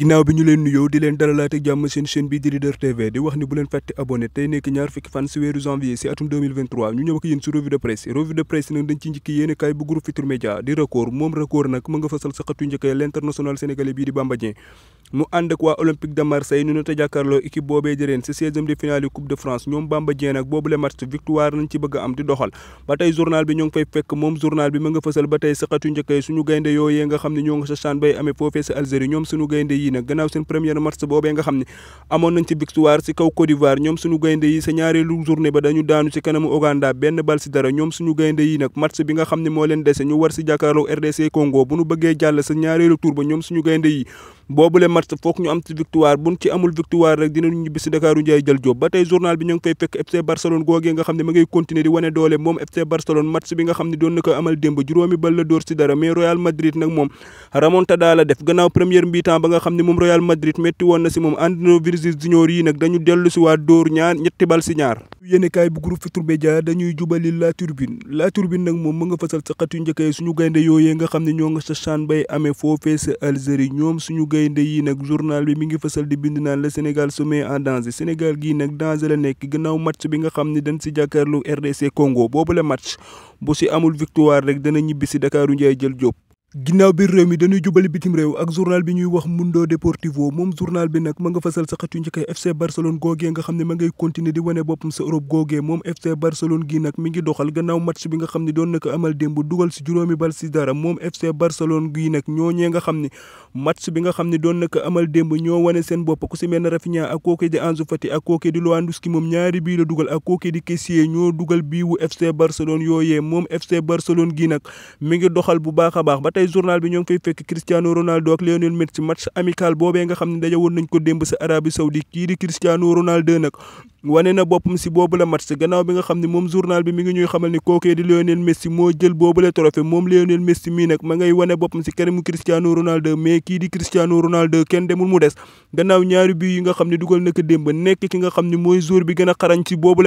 ginnaaw bi ñu leen nuyoo di leen dalalaat ak jàmm seen di Leader TV di wax ni bu leen fàtte abonné tey nekk ñaar fukki fan si weeru janvier si atum ñu ñëw ak yéen si revue de presse revue de presse nag dañ ci njëkki yéen kaay bu groupe Futurs Médias di record moom record nag mu nga fasal sa xatu njëkkee l'international sénégalais bii di Bamba Dieng mu ànd ak Olympique de Marseille ñu nata jàkkaarloo équipe boobee di reen si 16 de finale yi yi nag gannaaw seen première match boobee nga xam ne amoon nañ ci victoire si kaw Côte d'Ivoire ñoom suñu gaynde yi sa ñaareelu journée ba dañu daanu si kanam Ouganda benn bal si dara ñoom suñu gaynde yi nag match bi nga xam ne moo leen dese ñu war si jàkkaarloo RDC Congo bu ñu bëggee jàll sa ñaareelu tour ba ñoom ñu gaynde yi boobule match foog ñu am ci victoire buñ ci amul victoire rek dinañu ñibbi si Dakaaru Njaay jël Jóob ba tey journal bi ñu ngi fay fekk FC Barcelone googee nga xam ne ma ngay continuer di wane doole moom FC Barcelone match bi nga xam ne doon na ko amal démb juróomi bal la dóor si dara mais Real Madrid nag moom remontada la def gannaaw première mi ba nga xam ne moom Real Madrid métti woon na si moom Andrés Villas-Junior yi nag dañu dellu si waa dóor ñaar ñetti yéenekaay bu groupe Futurs Médias dañuy jubali La Turbine La Turbine nag moom mu nga fësal sa xat yu suñu gaynde yooyee nga xam ne ñoo nga sa chan bay amee foofee Algérie ñoom suñu gaynde yi nag journal bi mi ngi fësal di bind naan le Sénégal se met en danger Sénégal gii nag danger la nekk gannaaw match bi nga xam ne dañ si jàkkaarlu RDC Congo boobu la match bu si amul victoire rek dana ñibbi si Dakaaru Njaay jël Jóob ginnaaw biir réew mi dañuy jubal bitim réew ak journal bi ñuy wax Mundo Deportivo moom journal bi nag ma nga fasal sa xët yu njëkk FC Barcelone googee nga xam ne ma ngay continuer di wane boppam sa Europe googee moom FC nag mi ngi doxal gannaaw match bi nga xam ne doon na ko amal démb dugal si juróomi bal si dara moom FC Barcelone gi nag ñooñee nga xam ne match bi nga xam ne doon na amal démb ñoo wane seen bopp ku si mel ne Rafinha ak kooke di Ansu Fati ak kooke di Lewandowski moom ñaari bii dugal ak kooke di Kessié ñoo dugal bii wu FC Barcelone yooyee moom FC Barcelone gi nag mi ngi doxal bu baax a baax tey journal bi ñoo ngi fay fekk Cristiano Ronaldo ak Lionel Messi match amical boobee nga xam ne daja woon nañ ko démb sa Arabie Saoudite kii di Ronaldo nag wane na boppam si boobu la match gannaaw bi nga xam ni kookee di Ronaldo mais kii di Ronaldo kenn demul mu des gannaaw ñaari bi nga xam ne dugal na ko nekk ki nga xam ne mooy jour bi gën a xarañ si boobu la